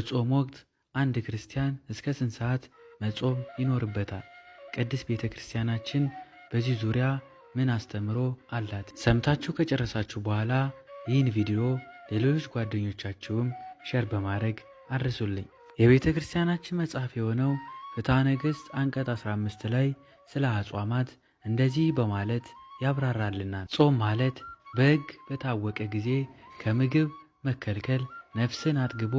በጾም ወቅት አንድ ክርስቲያን እስከ ስንት ሰዓት መጾም ይኖርበታል? ቅድስት ቤተ ክርስቲያናችን በዚህ ዙሪያ ምን አስተምሮ አላት? ሰምታችሁ ከጨረሳችሁ በኋላ ይህን ቪዲዮ ለሌሎች ጓደኞቻችሁም ሸር በማድረግ አድርሱልኝ። የቤተ ክርስቲያናችን መጽሐፍ የሆነው ፍትሐ ነገሥት አንቀጽ 15 ላይ ስለ አጽዋማት እንደዚህ በማለት ያብራራልናል። ጾም ማለት በሕግ በታወቀ ጊዜ ከምግብ መከልከል ነፍስን አጥግቦ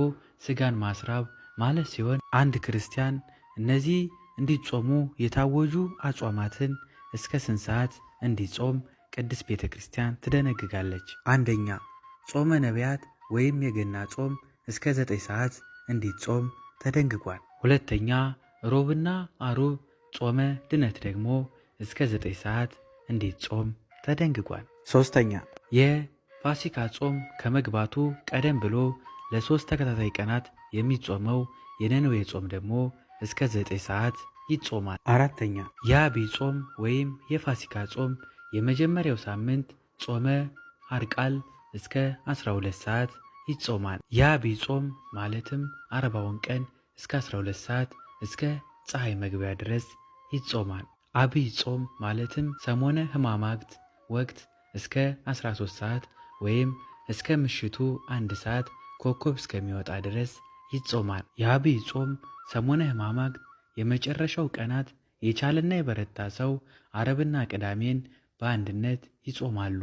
ስጋን ማስራብ ማለት ሲሆን አንድ ክርስቲያን እነዚህ እንዲጾሙ የታወጁ አጽዋማትን እስከ ስንት ሰዓት እንዲጾም ቅድስት ቤተ ክርስቲያን ትደነግጋለች? አንደኛ ጾመ ነቢያት ወይም የገና ጾም እስከ ዘጠኝ ሰዓት እንዲጾም ተደንግጓል። ሁለተኛ ሮብና አሩብ ጾመ ድነት ደግሞ እስከ ዘጠኝ ሰዓት እንዲጾም ተደንግጓል። ሶስተኛ ፋሲካ ጾም ከመግባቱ ቀደም ብሎ ለሶስት ተከታታይ ቀናት የሚጾመው የነነዌ ጾም ደግሞ እስከ ዘጠኝ ሰዓት ይጾማል። አራተኛ የአብይ ጾም ወይም የፋሲካ ጾም የመጀመሪያው ሳምንት ጾመ አርቃል እስከ 12 ሰዓት ይጾማል። የአብይ ጾም ማለትም አርባውን ቀን እስከ 12 ሰዓት እስከ ፀሐይ መግቢያ ድረስ ይጾማል። አብይ ጾም ማለትም ሰሞነ ሕማማት ወቅት እስከ 13 ሰዓት ወይም እስከ ምሽቱ አንድ ሰዓት ኮከብ እስከሚወጣ ድረስ ይጾማል። የአብይ ጾም ሰሞነ ሕማማት የመጨረሻው ቀናት የቻለና የበረታ ሰው አረብና ቅዳሜን በአንድነት ይጾማሉ።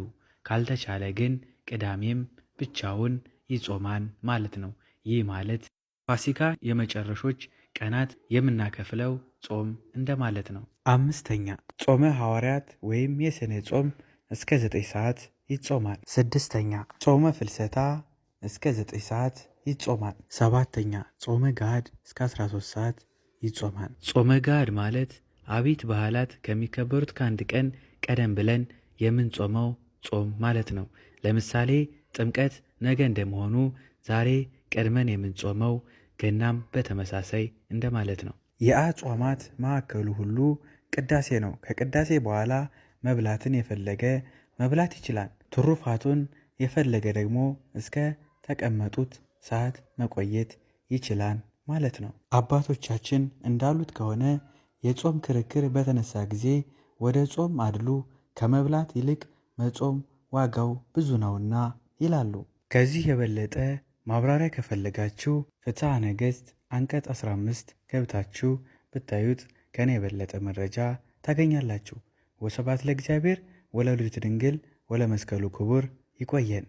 ካልተቻለ ግን ቅዳሜም ብቻውን ይጾማል ማለት ነው። ይህ ማለት ፋሲካ የመጨረሾች ቀናት የምናከፍለው ጾም እንደማለት ነው። አምስተኛ ጾመ ሐዋርያት ወይም የሰኔ ጾም እስከ ዘጠኝ ሰዓት ይጾማል። ስድስተኛ ጾመ ፍልሰታ እስከ 9 ሰዓት ይጾማል። ሰባተኛ ጾመ ጋድ እስከ 13 ሰዓት ይጾማል። ጾመ ጋድ ማለት አቤት በዓላት ከሚከበሩት ከአንድ ቀን ቀደም ብለን የምንጾመው ጾም ማለት ነው። ለምሳሌ ጥምቀት ነገ እንደመሆኑ ዛሬ ቀድመን የምንጾመው፣ ገናም በተመሳሳይ እንደማለት ነው። የአጽዋማት ማዕከሉ ሁሉ ቅዳሴ ነው። ከቅዳሴ በኋላ መብላትን የፈለገ መብላት ይችላል። ትሩፋቱን የፈለገ ደግሞ እስከ ተቀመጡት ሰዓት መቆየት ይችላል ማለት ነው። አባቶቻችን እንዳሉት ከሆነ የጾም ክርክር በተነሳ ጊዜ ወደ ጾም አድሉ ከመብላት ይልቅ መጾም ዋጋው ብዙ ነውና ይላሉ። ከዚህ የበለጠ ማብራሪያ ከፈለጋችሁ ፍትሐ ነገሥት አንቀጽ 15 ገብታችሁ ብታዩት ከእኔ የበለጠ መረጃ ታገኛላችሁ። ወስብሐት ለእግዚአብሔር። ወለወላዲቱ ድንግል ወለመስቀሉ ክቡር ይቆየን።